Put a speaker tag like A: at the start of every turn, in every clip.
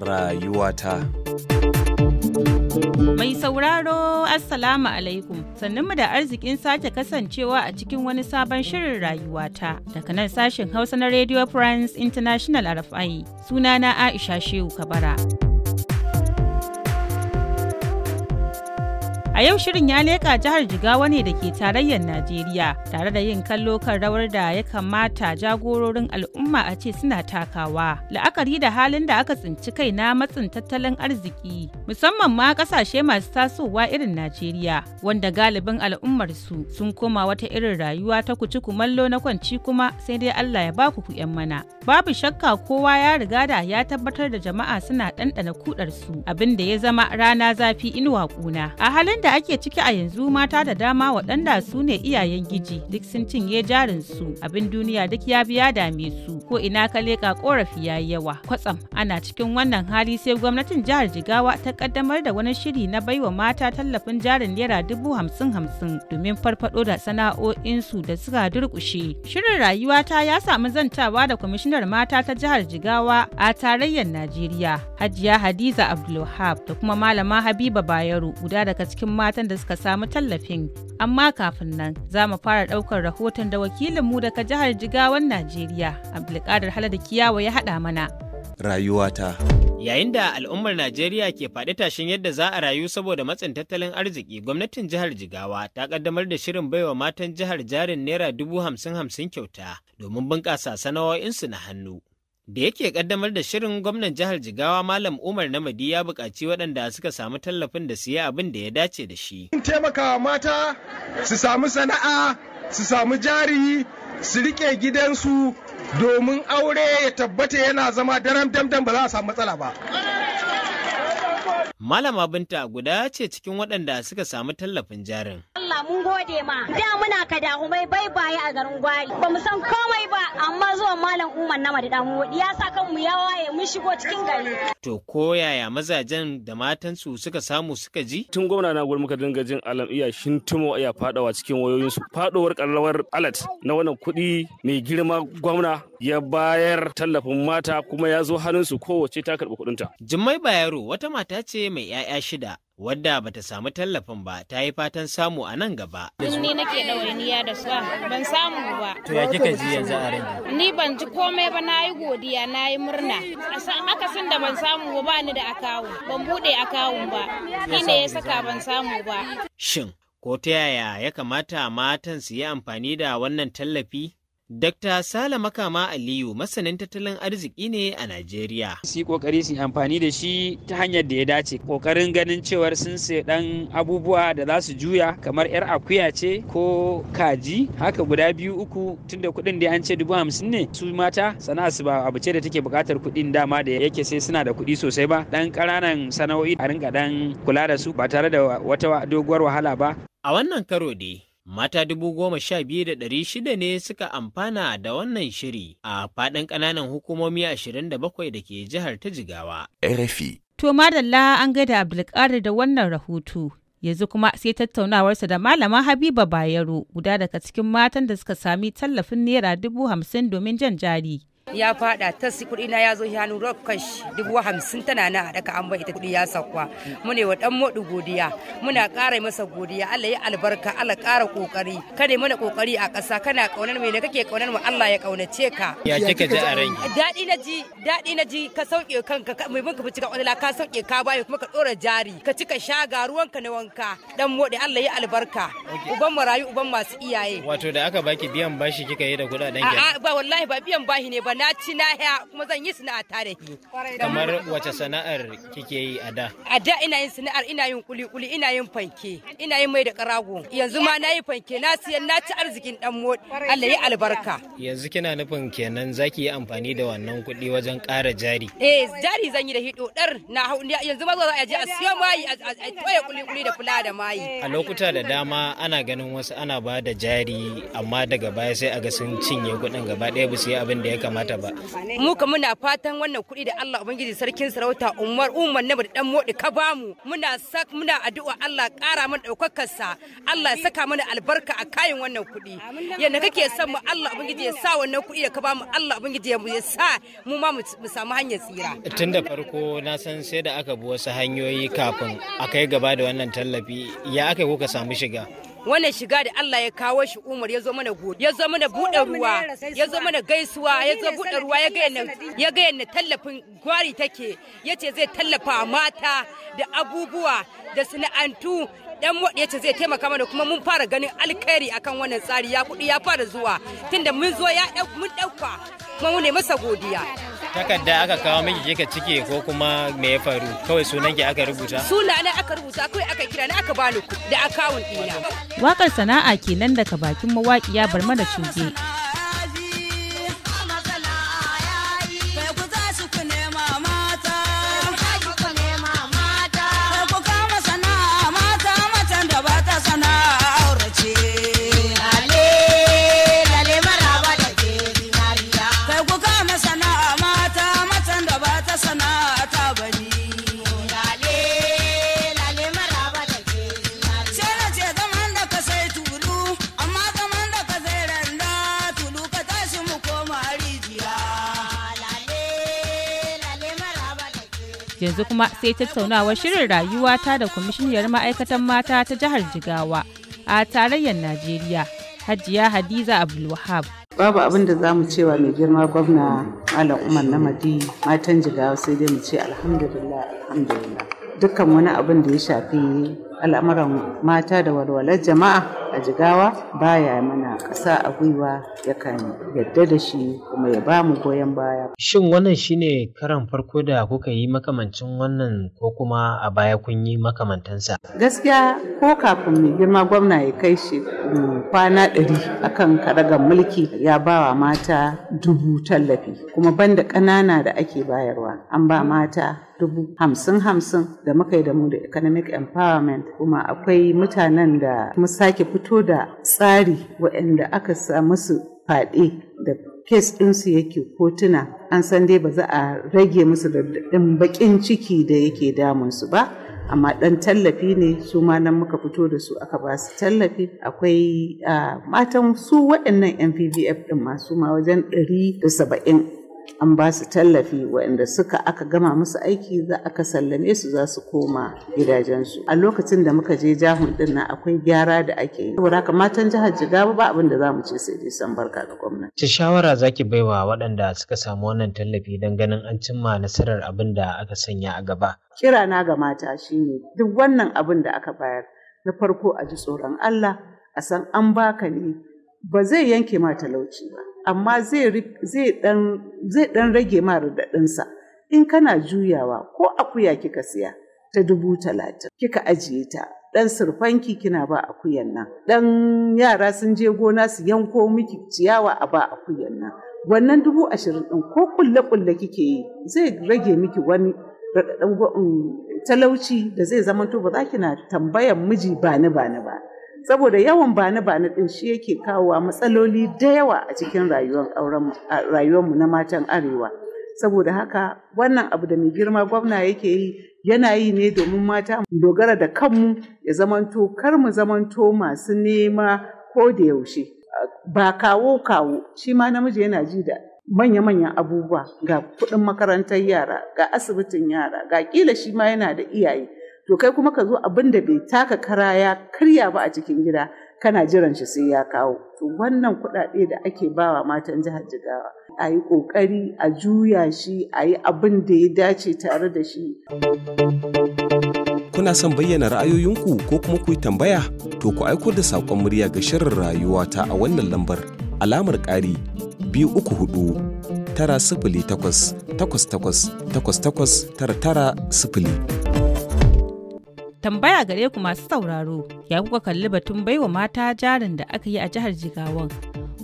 A: Rayuwata
B: Mai sauraro Assalamu alaikum sannunmu da arzikin sake kasancewa a cikin wani sabon shirin rayuwata daga nan sashen Hausa na Radio France International RFI sunana Aisha Shehu Kabara. A yau shirin ya leƙa jihar Jigawa ne da ke tarayyar Najeriya tare da yin kallo kan rawar da ya kamata jagororin al'umma a ce suna takawa. La'akari da halin da aka tsinci kai na matsin tattalin arziki musamman ma ƙasashe masu tasowa irin Najeriya wanda galibin al'ummar su sun koma wata irin rayuwa ta kuci kumallo na kwanci kuma sai dai Allah ya baku ku ƴan mana. Babu shakka kowa ya riga da ya tabbatar da jama'a suna ɗanɗana kudar su abin da ya zama rana zafi inuwa ƙuna. A halin yadda ake ciki a yanzu mata da dama waɗanda su ne iyayen giji duk sun cinye jarin su abin duniya duk ya biya dame su ko ina ka leƙa korafi ya yi yawa kwatsam ana cikin wannan hali sai gwamnatin jihar jigawa ta kaddamar da wani shiri na baiwa mata tallafin jarin naira dubu hamsin hamsin domin farfaɗo da sana'o'insu da suka durƙushe shirin rayuwa ta ya samu zantawa da kwamishinar mata ta jihar jigawa a tarayyar najeriya hajiya hadiza abdulwahab da kuma malama habiba bayero guda daga cikin matan da suka samu tallafin. Amma kafin nan za mu fara ɗaukar rahoton da wakilinmu daga jihar Jigawan Najeriya, Abdulkadir da Kiyawa ya haɗa mana.
A: Rayuwata. Yayin da al'ummar Najeriya ke faɗi tashin yadda za a rayu saboda matsin tattalin arziki, gwamnatin jihar Jigawa ta kaddamar da shirin baiwa matan jihar jarin Naira dubu hamsin hamsin kyauta domin bunƙasa sana'o'insu na hannu. da yake kaddamar da shirin gwamnan jihar jigawa malam umar na Madi ya buƙaci waɗanda suka samu tallafin da siya abin da ya dace da shi taimakawa mata su samu sana'a su samu jari su riƙe gidansu domin aure ya tabbata yana zama daram damdam ba za a samu matsala ba malama binta guda ce cikin waɗanda suka samu tallafin jarin
C: mun gode ma. Da muna ka dahumai bai baya a garin gwari. Ba mu san komai ba amma zuwa malam Umar na da mu ya sa kanmu ya waye mun shigo cikin gari.
A: To ko yaya mazajen da matansu suka samu suka ji? Tun gwamna na gwamnati muka dinga jin alam iya shintumo iya fadawa cikin wayoyinsu. Fadowar karrawar alat na wannan kuɗi mai girma gwamna ya bayar tallafin mata kuma ya zo hannunsu kowace ta karɓi kuɗinta. Jummai Bayero wata mata ce mai 'ya'ya shida wadda bata samu tallafin ba ta yi fatan samu a nan gaba.
B: Ni nake ɗawainiya da su ah, ban samu ba. To ya kika ji yanzu a rage? Ni ban ji komai ba na yi godiya na yi murna. Akasin da ban samu ba ba ni da akawu ban buɗe akawun ba. Ni ne ya saka ban samu ba.
A: Shin ko ta yaya ya kamata matan su yi amfani da wannan tallafi? Dr. Sala Makama Aliyu masanin tattalin arziki ne a Najeriya. Su yi kokari su amfani da shi ta hanyar da ya dace. Kokarin ganin cewar sun sai dan abubuwa da za su juya kamar yar akuya ce ko kaji haka guda biyu uku tunda kuɗin da an ce dubu hamsin ne su mata sana'a su ba abu ce da take buƙatar kuɗin dama da yake sai suna da kuɗi sosai ba dan ƙananan sana'o'i a rinka dan kula da su ba tare da wata doguwar wahala ba. A wannan karo dai mata dubu goma sha biyu da ɗari shida ne suka amfana da wannan shiri a faɗin ƙananan hukumomi ashirin da bakwai da ke jihar ta jigawa.
B: RFI. To madalla an gaida Abdulkadir da wannan rahoto. Yanzu kuma sai tattaunawarsa da Malama Habiba Bayero guda daga cikin matan da suka sami tallafin Naira dubu hamsin domin jan jari.
C: ya fada ta si kudi na ya zo rock cash dubu hamsin tana na daga an bai ita kuɗi ya sakwa mu ne wa ɗan modu godiya muna ƙara masa godiya Allah ya albarka Allah ƙara ƙoƙari kada mana ƙoƙari a ƙasa kana ƙaunar mai ne kake ƙaunar mu Allah ya ƙaunace ka ya kika ji a ranki daɗi na ji daɗi na ji ka sauke kanka mai banka fice ka la ka sauke ka bayo kuma ka ɗora jari ka cika shaga ruwanka na wanka dan modu Allah ya albarka uban marayu uban masu iyaye
A: wato da aka baki biyan bashi kika yi da kuɗaɗen ki
C: ba wallahi ba biyan bashi ne ba na ci na haya kuma zan yi sana'a tare ke. kamar
A: wace sana'ar kike yi a da
C: a da ina yin sana'ar ina yin kuli kuli ina yin fanke ina yin mai da karago yanzu ma na yi fanke na siyan na ci arzikin dan mod. Allah ya albarka
A: yanzu kina nufin kenan zaki yi amfani da wannan kuɗi wajen ƙara jari
C: eh jari zan yi da hido ɗar na yanzu ma za a je a siyo mayi a toye kuli kuli da fula da mayi
A: a lokuta da dama ana ganin wasu ana ba da jari amma daga baya sai a ga sun cinye kuɗin gaba ɗaya ba su yi abin da ya kamata da ba
C: mu ka muna fatan wannan kuɗi da Allah ubangiji sarkin sarauta Umar Umar na dan modi ka bamu muna sak muna addu'a Allah ƙara mana daukakar sa Allah ya saka mana albarka a kayan wannan kuɗi yanda kake son mu Allah ubangiji ya sa wannan kuɗi da ka mu Allah ubangiji ya sa mu ma mu samu hanyar tsira tun da
A: farko na san sai da aka bi wasu hanyoyi kafin a kai gaba da wannan tallafi ya aka kuka samu shiga
C: wannan shiga da Allah ya kawo shi Umar ya zo mana gode ya zo mana bude ruwa ya zo mana gaisuwa ya zo bude ruwa ya ga ya ga yana tallafin gwari take yace zai tallafa mata da abubuwa da sana'antu dan ya yace zai taimaka mana kuma mun fara ganin alkhairi akan wannan tsari ya kuɗi ya fara zuwa tunda mun zo ya mun dauka kuma mu ne masa godiya
A: takarda aka kawo miki kika cike ko kuma me ya faru kawai sunan ki aka rubuta
C: suna na aka rubuta kawai aka kira na aka bani da akawun dina
B: wakar sana'a kenan daga bakin mawaƙiya barma da cuge yanzu kuma sai tattaunawar shirin rayuwa ta da kwamishiniyar ma'aikatan mata ta jihar jigawa a tarayyar najeriya hajiya hadiza abdulwahab
D: babu abin da za mu cewa mai girma gwamna malam umar na madi, matan jigawa sai dai mu ce alhamdulillah alhamdulillah dukkan wani abin da ya shafi al'amuran mata da walwalar jama'a a jigawa baya mana ƙasa a gwiwa yakan yadda da shi kuma ya ba
A: mu goyon baya. Shin wannan shine karan farko da kuka yi makamancin wannan ko kuma a baya kun yi makamantansa?
D: Gaskiya ko kafin mai girma gwamna ya kai shi kwana ɗari akan karagar mulki ya bawa mata dubu tallafi kuma banda ƙanana da ake bayarwa an ba mata dubu hamsin hamsin da muka yi da mu da economic empowerment kuma akwai mutanen da mu sake fito da tsari waɗanda aka sa musu faɗe da kes ɗinsu yake kotuna an san dai ba za a rage musu da baƙin ciki da yake damunsu ba amma ɗan tallafi ne su ma nan muka fito da su aka ba su tallafi akwai ah, matan su waɗannan MVVF ɗin masu ma wajen ɗari da saba'in an ba su tallafi waɗanda suka aka gama musu aiki za aka sallame su za su koma gidajensu a lokacin da muka je jahun din nan akwai gyara da ake yi saboda haka matan jihar jigawa ba abin da za mu ce sai dai san barka ga gwamnati
A: ce shawara zaki baiwa waɗanda suka samu wannan tallafi don ganin an cimma nasarar abin da aka sanya a gaba
D: kira na ga mata shine duk wannan abin da aka bayar na farko a ji tsoron Allah a san an baka ne ba zai yanke ma talauci ba amma zai ɗan rage ma raɗaɗinsa in kana juyawa ko akuya kika siya ta dubu talatin kika ajiye ta ɗan surfanki kina ba akuyan nan ɗan yara sun je gona su yanko miki ciyawa a ba akuyan nan wannan dubu ashirin ɗin ko kulle-kulle kike yi zai rage miki wani um, talauci da zai zama to ba za kina tambayan miji bani bani ba. saboda yawan bani bani din shi yake kawowa matsaloli da yawa a cikin rayuwar auren rayuwarmu na matan arewa saboda haka wannan abu da mai girma gwamna yake yi yana yi ne domin mata dogara da kanmu ya zamanto kar mu zamanto masu nema ko da yaushe ba kawo kawo shi ma namiji yana ji da manya-manyan abubuwa ga kuɗin makarantar yara ga asibitin yara ga kila shi ma yana da iyaye to kai kuma ka zo abin da bai taka kara ya karya ba a cikin gida kana jiran shi sai ya kawo to wannan kuɗaɗe da ake bawa matan jihar jigawa a yi ƙoƙari a juya shi a yi abin da ya dace tare da shi
A: kuna son bayyana ra'ayoyinku ko kuma ku tambaya to ku aiko da saƙon murya ga shirin rayuwa ta a wannan lambar alamar ƙari biyu uku hudu tara sifili takwas takwas takwas takwas takwas tara tara sifili
B: Tambaya gare ku masu sauraro, ya kuka kalli batun baiwa mata jarin da aka yi a jihar Jigawan.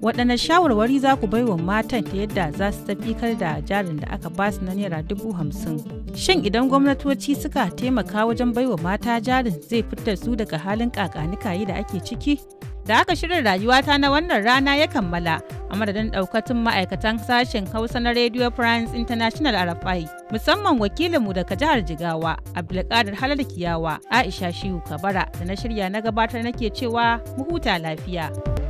B: Waɗanne shawarwari za ku baiwa matan ta yadda za su tafikar da jarin da aka basu na naira dubu hamsin. Shin idan gwamnatoci suka taimaka wajen baiwa mata jarin zai fitar su daga halin kakanikayi da ake ciki? Da haka shirin rayuwata na wannan rana ya kammala. a madadin daukatun ma'aikatan sashen hausa na radio france international arafai musamman wakilinmu daga jihar jigawa abdulkadir halar kiyawa aisha shihu kabara da na shirya na gabatar nake cewa mu huta lafiya.